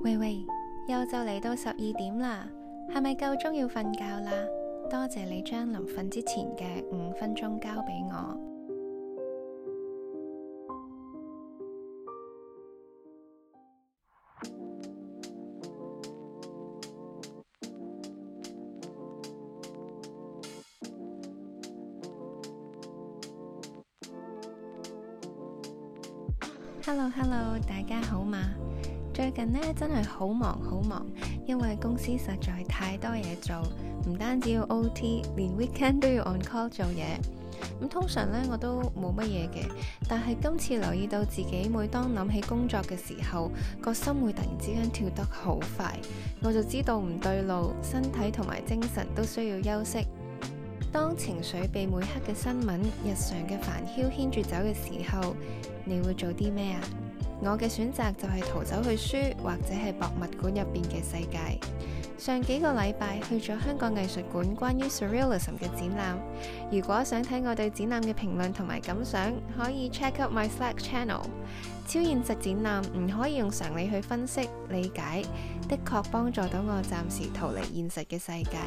喂喂，又就嚟到十二點啦，係咪夠鐘要瞓覺啦？多謝你將臨瞓之前嘅五分鐘交俾我。Hello，Hello， hello，大家好嘛？最近呢，真係好忙好忙，因為公司實在太多嘢做，唔單止要 OT，連 weekend 都要 on call 做嘢。咁通常呢，我都冇乜嘢嘅，但係今次留意到自己每當諗起工作嘅時候，個心會突然之間跳得好快，我就知道唔對路，身體同埋精神都需要休息。當情緒被每刻嘅新聞、日常嘅煩囂牽住走嘅時候，你會做啲咩啊？我嘅選擇就係逃走去書，或者係博物館入邊嘅世界。上幾個禮拜去咗香港藝術館關於 surrealism 嘅展覽。如果想睇我對展覽嘅評論同埋感想，可以 check out my Slack channel。超現實展覽唔可以用常理去分析、理解，的確幫助到我暫時逃離現實嘅世界。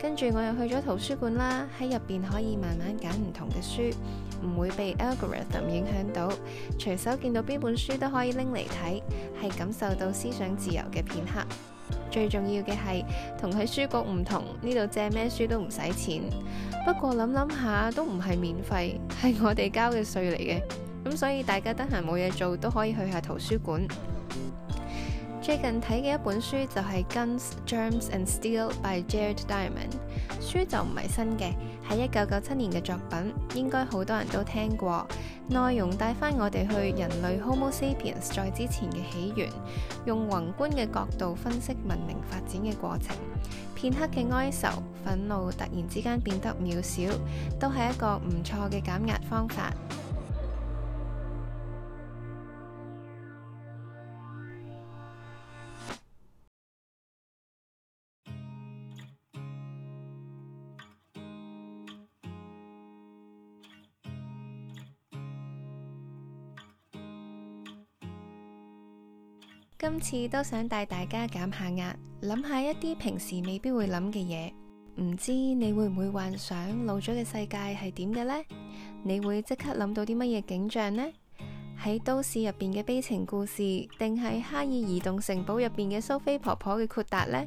跟住我又去咗圖書館啦，喺入邊可以慢慢揀唔同嘅書，唔會被 algorithm 影響到，隨手見到邊本書都可以拎嚟睇，係感受到思想自由嘅片刻。最重要嘅係同佢書局唔同，呢度借咩書都唔使錢。不過諗諗下都唔係免費，係我哋交嘅稅嚟嘅。咁所以大家得閒冇嘢做都可以去下圖書館。最近睇嘅一本書就係、是《Guns, Germs and Steel》by Jared Diamond。書就唔係新嘅，係一九九七年嘅作品，應該好多人都聽過。內容帶翻我哋去人類 Homo sapiens 在之前嘅起源，用宏觀嘅角度分析文明發展嘅過程。片刻嘅哀愁、憤怒，突然之間變得渺小，都係一個唔錯嘅減壓方法。今次都想帶大家減下壓，諗下一啲平時未必會諗嘅嘢。唔知你會唔會幻想老咗嘅世界係點嘅呢？你會即刻諗到啲乜嘢景象呢？喺都市入邊嘅悲情故事，定係哈爾移動城堡入邊嘅蘇菲婆婆嘅豁達呢？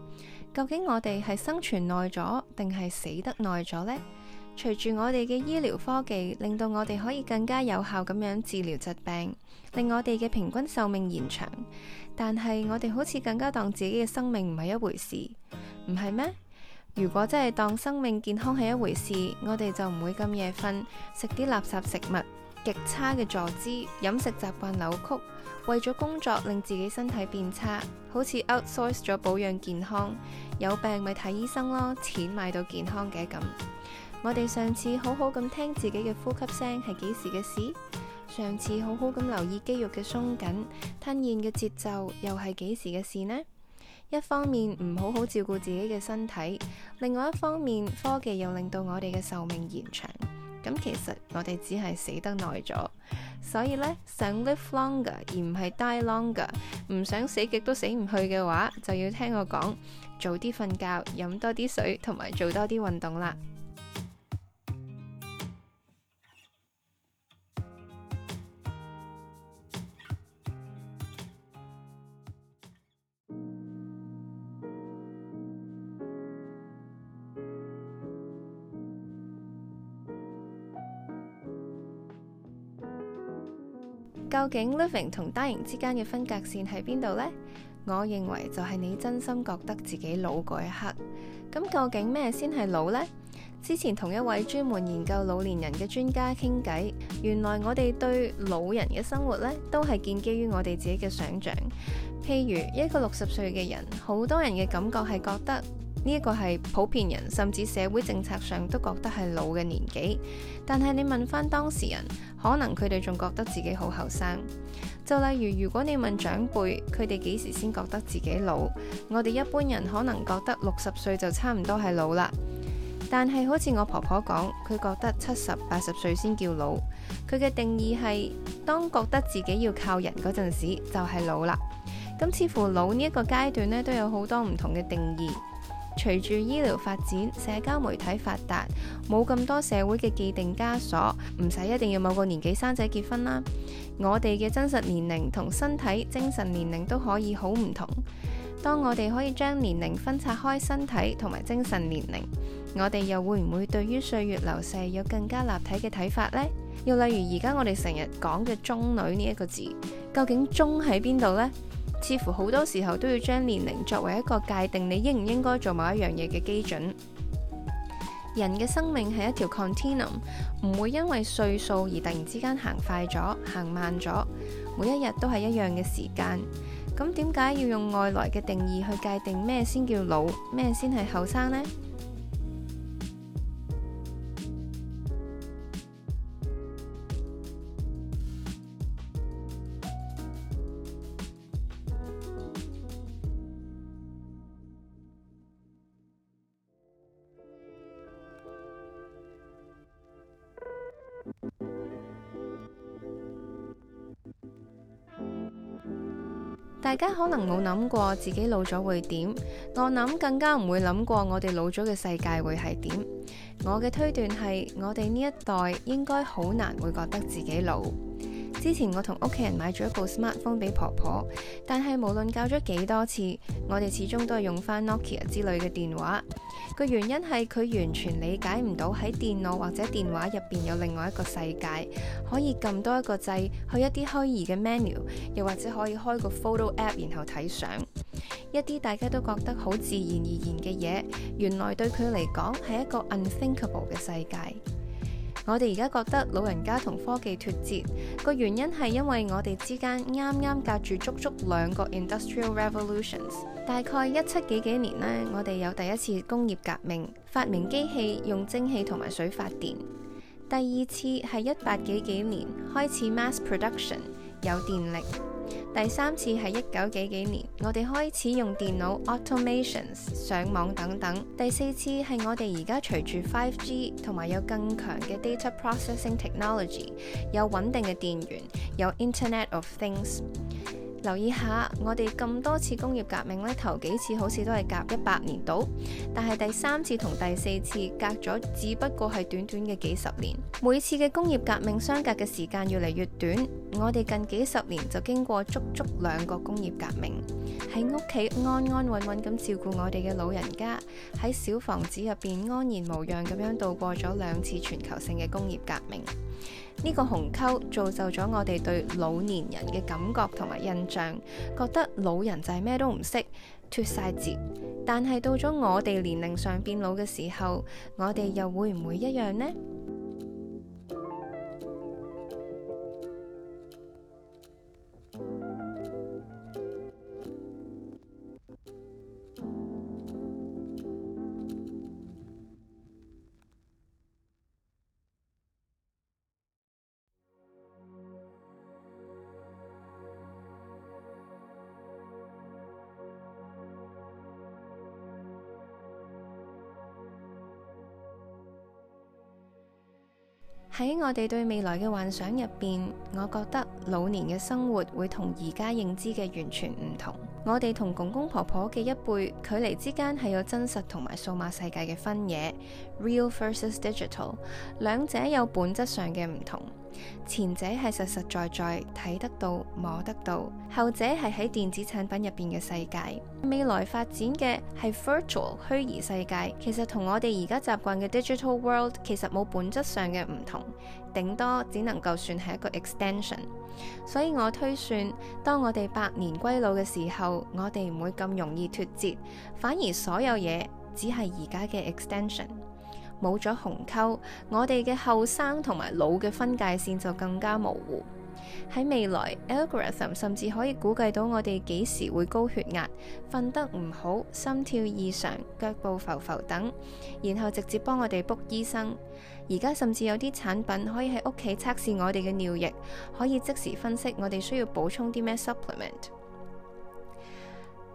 究竟我哋係生存耐咗，定係死得耐咗呢？隨住我哋嘅醫療科技，令到我哋可以更加有效咁樣治療疾病，令我哋嘅平均壽命延長。但係我哋好似更加當自己嘅生命唔係一回事，唔係咩？如果真係當生命健康係一回事，我哋就唔會咁夜瞓，食啲垃圾食物，極差嘅坐姿，飲食習慣扭曲。為咗工作令自己身體變差，好似 outsource 咗保養健康，有病咪睇醫生咯，錢買到健康嘅咁。我哋上次好好咁聽自己嘅呼吸聲係幾時嘅事？上次好好咁留意肌肉嘅鬆緊、吞嚥嘅節奏又係幾時嘅事呢？一方面唔好好照顧自己嘅身體，另外一方面科技又令到我哋嘅壽命延長，咁其實我哋只係死得耐咗。所以呢，想 live longer 而唔係 die longer，唔想死極都死唔去嘅話，就要聽我講，早啲瞓覺，飲多啲水，同埋做多啲運動啦。究竟 living 同 dying 之間嘅分隔線喺邊度呢？我認為就係你真心覺得自己老嗰一刻。咁究竟咩先係老呢？之前同一位專門研究老年人嘅專家傾偈，原來我哋對老人嘅生活呢，都係建基於我哋自己嘅想象。譬如一個六十歲嘅人，好多人嘅感覺係覺得。呢一個係普遍人，甚至社會政策上都覺得係老嘅年紀。但係你問翻當事人，可能佢哋仲覺得自己好後生。就例如如果你問長輩，佢哋幾時先覺得自己老？我哋一般人可能覺得六十歲就差唔多係老啦。但係好似我婆婆講，佢覺得七十八十歲先叫老。佢嘅定義係當覺得自己要靠人嗰陣時就係老啦。咁似乎老呢一個階段咧，都有好多唔同嘅定義。隨住醫療發展、社交媒體發達，冇咁多社會嘅既定枷鎖，唔使一定要某個年紀生仔結婚啦。我哋嘅真實年齡同身體、精神年齡都可以好唔同。當我哋可以將年齡分拆開，身體同埋精神年齡，我哋又會唔會對於歲月流逝有更加立體嘅睇法呢？又例如而家我哋成日講嘅中女呢一個字，究竟中喺邊度呢？似乎好多時候都要將年齡作為一個界定你應唔應該做某一樣嘢嘅基準。人嘅生命係一條 continuum，唔會因為歲數而突然之間行快咗、行慢咗，每一日都係一樣嘅時間。咁點解要用外來嘅定義去界定咩先叫老、咩先係後生呢？大家可能冇諗過自己老咗會點，我諗更加唔會諗過我哋老咗嘅世界會係點。我嘅推斷係，我哋呢一代應該好難會覺得自己老。之前我同屋企人買咗一部 smartphone 俾婆婆，但係無論教咗幾多次，我哋始終都係用返 Nokia 之類嘅電話。個原因係佢完全理解唔到喺電腦或者電話入邊有另外一個世界，可以撳多一個掣去一啲虛擬嘅 menu，又或者可以開個 photo app 然後睇相。一啲大家都覺得好自然而然嘅嘢，原來對佢嚟講係一個 unthinkable 嘅世界。我哋而家覺得老人家同科技脫節，個原因係因為我哋之間啱啱隔住足足兩個 industrial revolutions。大概一七幾幾年呢，我哋有第一次工業革命，發明機器，用蒸汽同埋水發電；第二次係一八幾幾年開始 mass production，有電力。第三次係一九幾幾年，我哋開始用電腦、automations、上網等等。第四次係我哋而家隨住 5G 同埋有更強嘅 data processing technology，有穩定嘅電源，有 Internet of Things。留意下，我哋咁多次工業革命呢，頭幾次好似都係隔一百年到，但係第三次同第四次隔咗，只不過係短短嘅幾十年。每次嘅工業革命相隔嘅時間越嚟越短。我哋近幾十年就經過足足兩個工業革命，喺屋企安安穩穩咁照顧我哋嘅老人家，喺小房子入邊安然無恙咁樣度過咗兩次全球性嘅工業革命。呢個鴻溝造就咗我哋對老年人嘅感覺同埋印象，覺得老人就係咩都唔識，脫晒節。但係到咗我哋年齡上變老嘅時候，我哋又會唔會一樣呢？喺我哋對未來嘅幻想入邊，我覺得老年嘅生活會同而家認知嘅完全唔同。我哋同公公婆婆嘅一輩距離之間係有真實同埋數碼世界嘅分野 （Real versus Digital），兩者有本質上嘅唔同。前者係實實在在睇得到、摸得到，後者係喺電子產品入邊嘅世界。未來發展嘅係 virtual 虛擬世界，其實同我哋而家習慣嘅 digital world 其實冇本質上嘅唔同，頂多只能夠算係一個 extension。所以我推算，當我哋百年歸老嘅時候，我哋唔會咁容易脫節，反而所有嘢只係而家嘅 extension。冇咗紅溝，我哋嘅後生同埋老嘅分界線就更加模糊。喺未來，algorithm 甚至可以估計到我哋幾時會高血壓、瞓得唔好、心跳異常、腳步浮浮等，然後直接幫我哋 book 醫生。而家甚至有啲產品可以喺屋企測試我哋嘅尿液，可以即時分析我哋需要補充啲咩 supplement。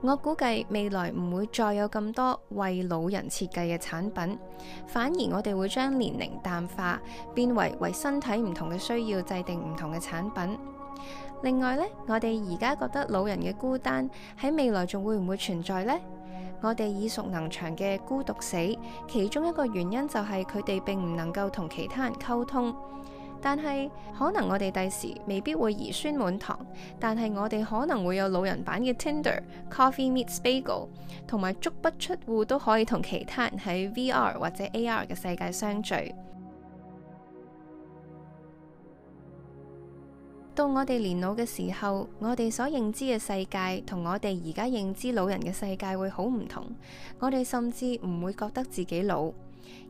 我估計未來唔會再有咁多為老人設計嘅產品，反而我哋會將年齡淡化，變為為身體唔同嘅需要制定唔同嘅產品。另外呢，我哋而家覺得老人嘅孤單喺未來仲會唔會存在呢？我哋耳熟能詳嘅孤獨死，其中一個原因就係佢哋並唔能夠同其他人溝通。但係可能我哋第時未必會兒孫滿堂，但係我哋可能會有老人版嘅 Tinder、Coffee Meets Bagel，同埋足不出戶都可以同其他人喺 VR 或者 AR 嘅世界相聚。 到我哋年老嘅時候，我哋所認知嘅世界同我哋而家認知老人嘅世界會好唔同。我哋甚至唔會覺得自己老。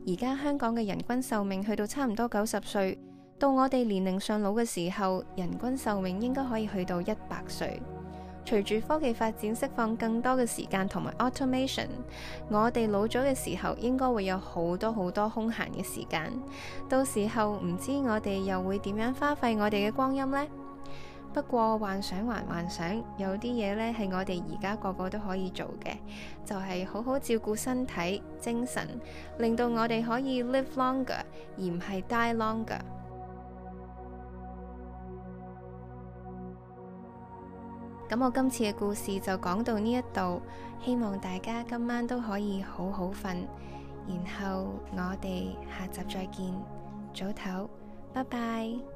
而家香港嘅人均壽命去到差唔多九十歲。到我哋年齡上老嘅時候，人均壽命應該可以去到一百歲。隨住科技發展，釋放更多嘅時間同埋 automation，我哋老咗嘅時候應該會有好多好多空閒嘅時間。到時候唔知我哋又會點樣花費我哋嘅光陰呢？不過幻想還幻想，有啲嘢呢係我哋而家個個都可以做嘅，就係好好照顧身體、精神，令到我哋可以 live longer 而唔係 die longer。咁我今次嘅故事就講到呢一度，希望大家今晚都可以好好瞓，然後我哋下集再見，早唞，拜拜。